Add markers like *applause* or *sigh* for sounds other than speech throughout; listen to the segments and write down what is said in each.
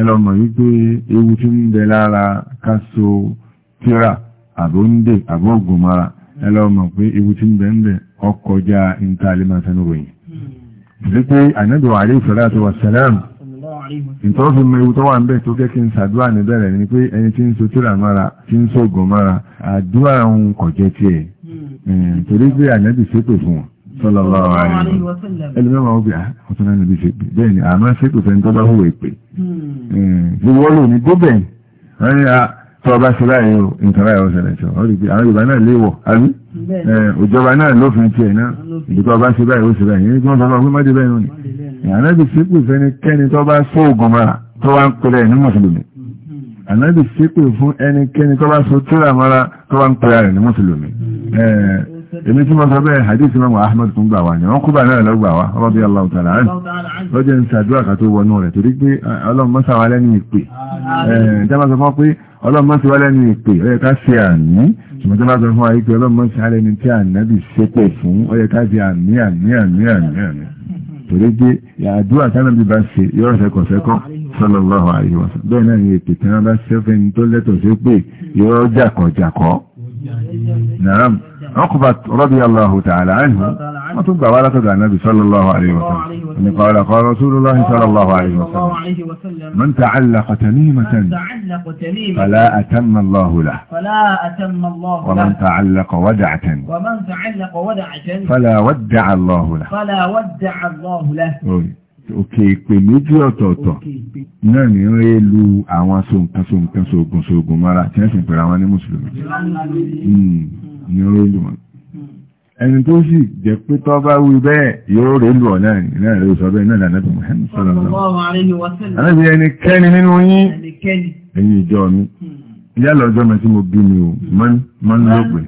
ẹlọ́mọ̀ wípé ewu tí ń bẹ lára káso tíra àbóǹdè àbóògùnmara ẹlọ́mọ̀ pé ewu tí ń bẹ ń bẹ ọkọjá ìntàlímàtẹ́nu ròyìn salatu wassalam ìtọ́fí mọ ewu tó wà ń bẹ̀ tó kẹ́kí ń sàdúrà ní bẹ̀rẹ̀ ni pé ẹni tí sallallahu alaihi wa sallam ẹlẹ́mẹ́ máa ah, bí ọ̀tọ́lá níbi ṣe pé bẹ́ẹ̀ ni àmọ́ ṣe kò fẹ́ni tó bá hùwẹ̀ pé hmm. hmm. gbogbo lò ní gómìn ẹni a tó ọba ṣe láyé o nǹkan láyé ọ̀sẹ̀ rẹ̀ sọ ọ́rí pé àwọn Yorùbá náà léwọ̀ àbí òjọba eh, náà lófin tiẹ̀ náà ìdíkọ́ ọba ṣe báyìí ó ṣe báyìí ẹni tí wọ́n sọ fún ọmọdé bẹ́ẹ̀ nù ni ànábì ṣépè fẹ́ni kẹ́ni tó bá sọ ògùn mara tó wá ń pẹlẹ ní mùsùlùmí hmm. ànábì ṣépè fún ẹnikẹ́ni tó bá sọ tíra mara tó wá ń pẹlẹ ní mùsùlùmí eh, èmi tí wọ́n sọ bẹ́ẹ̀ hadith imam ahmed tún gbà wá ni wọ́n kúbà náà lọ́gbà wá radiyallahu ta'ala anhu lọ́jọ́ ń sàdúrà ká tó wọnú rẹ̀ torí pé eh, ọlọ́run mọ́sá wa lẹ́nu ìpè ẹ̀ẹ́dẹ́ máa eh, sọ fún ọ pé ọlọ́run mọ́sá wa lẹ́nu ìpè ó yẹ ká ṣe àmì ṣùgbọ́n tó bá sọ fún wa pé ọlọ́run mọ́sá wa lẹ́nu tí ànábì ṣépè fún ó yẹ ká ṣe àmì àmì àmì àmì àmì torí pé àdúrà tánàbí bá ṣe yọ́rọ̀ sẹ́kọ̀sẹ́kọ̀ sallallahu alaihi bẹ́ẹ̀ náà ni ètò tí wọ́n bá ṣẹ́fẹ́ ní tó lẹ́tọ̀ọ́ sí pé yọ́rọ̀ jàkọ̀jàkọ̀ nàrám عقبة رضي الله تعالى عنه وتبقى ولا تدع النبي صلى الله عليه وسلم قال قال رسول الله صلى الله عليه وسلم من تعلق تميمة فلا أتم الله له فلا أتم الله له ومن تعلق ودعة ومن تعلق ودعة فلا ودع الله له فلا ودع الله له òkè ìpè méjì ọ̀tọ̀ọ̀tọ̀ náà ni ó yé lu àwọn so nǹkan so nǹkan so ogun mara tí wọ́n sì ń pèrè àwọn ní mùsùlùmí yóò lù wọ́n ẹni tó sì jẹ́ pé tọ́ bá wí bẹ́ẹ̀ yóò rẹ̀ lù ọ̀ náà ní náà ló sọ bẹ́ẹ̀ náà lànà tó Muhammad sallallahu alaihi wasallam àbí ẹnikẹ́ni nínú yín ẹ̀yin ìjọ mi hmm. yálà ọjọ́ mi tí mo bí mi o mọ́n ló pè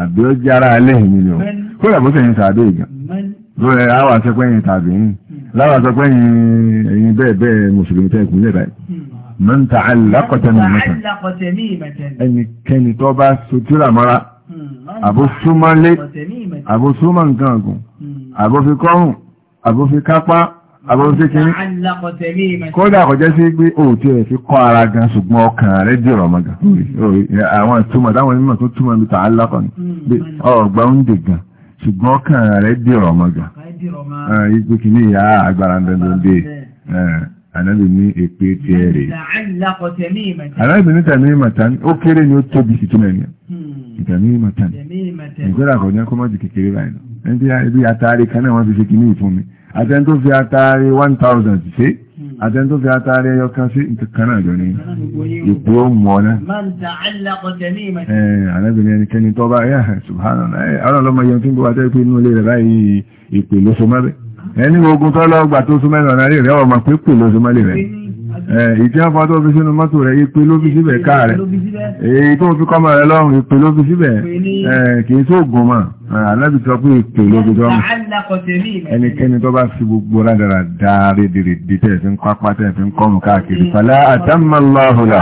àbí ó jẹ́ ara aléhìn mi ni o kó yàgò sẹ́yìn tàbí ìgbà lórí àwọn àṣẹpẹ́yìn tàbí yìí láwọn àṣẹpẹ́yìn ẹ̀yin bẹ́ẹ̀ bẹ́ẹ̀ mùsùlùmí tẹ́ ìpínlẹ̀ báyìí hmm. mọ́n ta alákọ̀tẹ́ mi ẹnikẹ́ni tó bá sotíra mọ́ra àbósúmọ́lé àbósúmọ́ nǹkan ọ̀gùn hmm. àbófikọ́rùn àbófikápá àbófikín kódà kò jẹ́ sí pé ó tí rẹ̀ fi kọ́ ara gan ṣùgbọ́n ọkàn rẹ̀ dì ọ̀rọ̀ mọ́gà hmm. àwọn ìtumọ̀ táwọn onímọ̀ tó túmọ̀ hmm. bí ta alákọ̀ ni ọgbà ń dè gan ṣùgbọ́n ọkàn rẹ̀ dì ọ̀rọ̀ mọ́gà ipò kìíní ìyá agbára dandan dé ànábì ní èpè tí ẹ rèé ànábì ní tẹ̀mí ìmọ̀ta ó kéré ni ó tóbi sí túnmẹ̀ ni ìtẹ̀mí ìmọ̀tàn ìgbéra kò ní ọkọ̀ mọ́jì kékeré báyìí lọ ẹni bí atari kan náà wọ́n fi ṣe kìíní ìfún mi àtẹni tó fi atari one thousand ṣe hmm. àtẹni tó fi atari ẹyọ kan sí nǹkan náà jọ ní ìpò mọ́ arábìnrin ẹnikẹ́ni tó bá yà subhanallah ẹ ọlọ́lọ́mọ yẹn tó ń bọ́ wá tẹ́lẹ̀ pé inú ilé rẹ̀ báyìí ìpè lóṣù ẹni ogun tó lọ́gbà tó súnmọ́ ìtí àpá tó fi sínú mọ́tò rẹ̀ ipe ló fi síbẹ̀ káà rẹ̀ èyí tó fi kọ́mọ̀ rẹ̀ lọ́rùn ipe ló fi síbẹ̀ kìí tó gùn mọ̀ alábi tó pé ipe ló fi tọ́mù ẹnikẹ́ni tó bá fi gbogbo ládàra dáre dèrè dìtẹ̀ fi ń pápá tẹ̀ fi ń kọ́mù káàkiri fàlá àtàmàláhùlà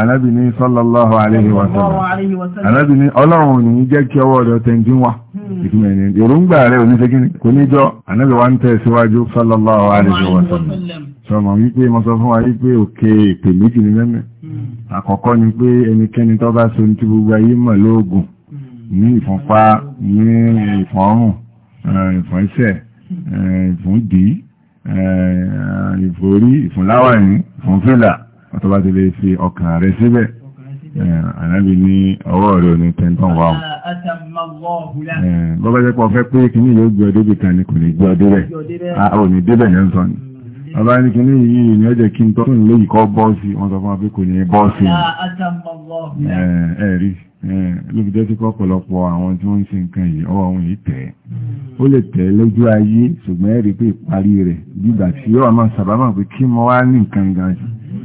alábi ní sọ́lọ́láhù aléhi wàsálà alábi ní ọlọ́run ní jẹ́ kí ọwọ́ rẹ̀ tẹ̀ ń dín wá hmm. ìtumẹ̀ ní èròǹgbà rẹ̀ oníṣẹ́gín kò ní jọ anábi wa ń tẹ̀ síwájú sọ́lọ́láhù aléhi wàsálà sọmọ wípé mo sọ fún wa wípé òkè èpè méjì ní mẹ́mẹ́ hmm. àkọ́kọ́ ni pé ẹnikẹ́ni tó bá so ní tí gbogbo ayé mọ̀ lóògùn hmm. ní ìfúnpá ní ìfọ́rùn ìfọ́n eh, iṣẹ́ ìfúndì eh, ìfòrí eh, ìfúnláwàní ìfúnfẹ́là ọ̀tọ́ bá ti lè fi ọkàn rẹ̀ síbẹ̀ ànábì ní ọwọ́ rẹ̀ ò ní tẹ́ntọ́n wà ó bọ́bá jẹ́ pọ̀ fẹ́ pé kí ní yóò gbé ọdébì kan ní kò ní gbé ọdébẹ̀ a ah, ò ní débẹ̀ yẹn sọ ni hmm ọba ní kìíní yìí ni ó jẹ́ kí n tọ́ tún lè yíkọ́ bọ́ọ̀sì wọn sọ fún wa pé kò ní bọ́ọ̀sì ẹ̀rí lóbi jẹ́ sí pọ̀pọ̀lọpọ̀ àwọn tí wọ́n ń ṣe nǹkan yìí ọwọ́ àwọn yìí tẹ̀ hmm. ó lè tẹ̀ lójú ayé ṣùgbọ́n ẹ̀rí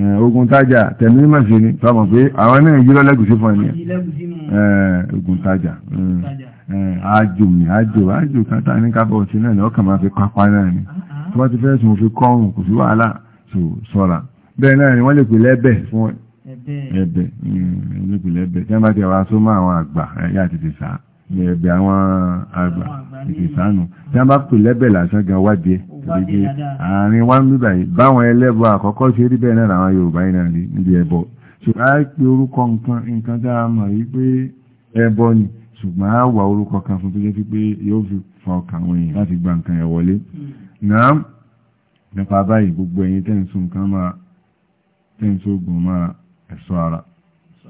Eh, ogun tájà tẹ̀mí mà sí ni fáwọn pé àwọn náà yí lọ́lẹ́gùsí fún ẹni eh, ogun tájà eh, àjò mi àjò àjò kátà ní kábọ̀ sí náà ni ọkàn máa fi pápá náà ni ah, ah. tó bá ti fẹ́ sùn fi kọ́rùn kò sí wàhálà sọ̀rọ̀ bẹ́ẹ̀ náà ni wọ́n lè pè lẹ́bẹ̀ fún ẹ̀bẹ̀ ẹ̀bẹ̀ mm, tí wọ́n bá ti wá só mọ́ àwọn àgbà ẹ̀yà àti ti ní ẹ̀bẹ̀ àwọn àgbà ìfìsánù tí wọ́n bá pè lẹ́bẹ̀ lásán gan wádìí tàbí àárín wá ń bíbà yìí báwọn ẹlẹ́bọ àkọ́kọ́ ṣe rí bẹ́ẹ̀ náà làwọn Yorùbá yìí náà rí níbi ẹbọ ṣùgbọ́n á pe orúkọ nǹkan nǹkan tá a mọ̀ yìí pé ẹbọ ni ṣùgbọ́n á wà orúkọ kan fún tó jẹ́ sí pé yóò fi fa ọkàn àwọn èèyàn láti gba nǹkan ẹ̀ wọlé hmm. nípa báyìí gbogbo ẹ̀yin tẹ́ǹsù nǹkan máa tẹ́ǹsù ogun máa ẹ̀ṣọ́ ara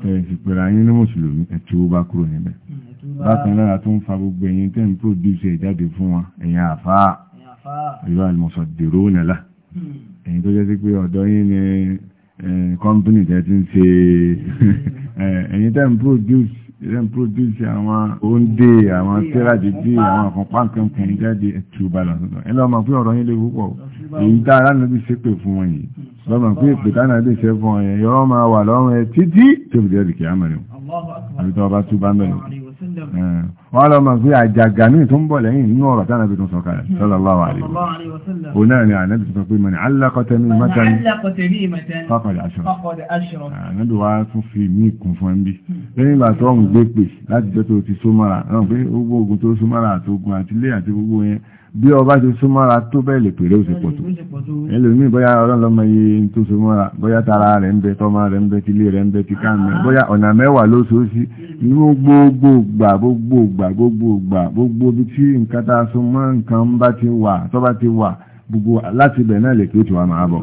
tẹ̀sí pẹ̀lá yín ní mùsùlùmí ẹ̀tí ó bá kúrò níbẹ̀ mm, bákan náà tó ń fa gbogbo ẹ̀yin tẹ́ ń pòdúsẹ̀ ìjáde fún wọn ẹ̀yin àfáà ìlú àlùmọ̀sọ̀ dèrò nílá ẹ̀yin tó jẹ́ sí pé ọ̀dọ̀ yín ni kọ́mpínì tẹ́ ti ń ṣe mm. *laughs* ẹ̀yin tẹ́ ń pòdúsẹ̀ ìrẹ́n púròdúsì àwọn oúnjẹ mm. àwọn tẹ́rájìdì àwọn àkànpáǹkankan jáde ẹ̀tù balà sọ́tọ̀ ẹlọ́mà pé ọ̀rọ̀ yín lè púpọ̀ èyí tá aráàlú lọ́mọ pé ìpìtánà lè ṣe fún ọ̀yẹ̀ yọ́rọ́ máa wà lọ́rùn ẹ títí tó fi jẹ́ ìkẹ́ àmọ́ àbítọ́ ọba túbá mẹ́rin wọ́n lọ mọ̀ pé àjàgà míì tó ń bọ̀ lẹ́yìn nínú ọ̀rọ̀ tánà bí tó sọ kalẹ̀ hmm. sallallahu alaihi wasallam òun náà ni ànábì sọ pé mọ̀ni alákọ̀tẹ́ mi mọ́ta ní faqad ashrak ah, ànábì wa tún fi mí kún fún ẹbí hmm. lẹ́yìn ìgbà tó ń gbé pè láti jẹ́ tó ti súnmọ́ra náà pé gbogbo ogun tó súnmọ́ra àti ogun àti ilé àti gbogbo yẹn bí ọba ti súnmọ́ra tó bẹ́ẹ̀ lè pèrè òsì pọ̀ tó ẹlòmíì bóyá ọlọ́lọ́mọ iye tó súnmọ́ra bóyá tara rẹ̀ ń bẹ tọ́mọ rẹ̀ ń bẹ tílé rẹ̀ ń bẹ tíkà ń bẹ ah. bóyá ọ̀nà mẹ́wàá lóṣooṣì ní gbogbo ìgbà gbogbo ìgbà gbogbo bí tí nǹkan tá a so mọ́ nǹkan bá ti wà tó bá ti wà gbogbo láti ibẹ̀ náà lè pé tí wà máa bọ̀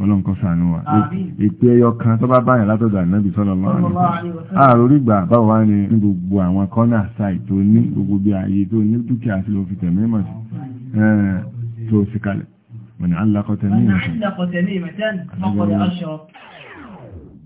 ọlọ́run kó wa ìpè ẹyọ kan tó bá báyàn látọ̀dọ̀ ànábì sallallahu alaihi wasallam àròrí gbà báwo wá ní gbogbo àwọn kọ́nà sáì tó ní gbogbo bí ààyè tó ní dúkìá sí lọ fi tẹ̀mí mọ̀ sí tó sì kalẹ̀ mọ̀ ní alákọ̀tẹ̀ ní ìmọ̀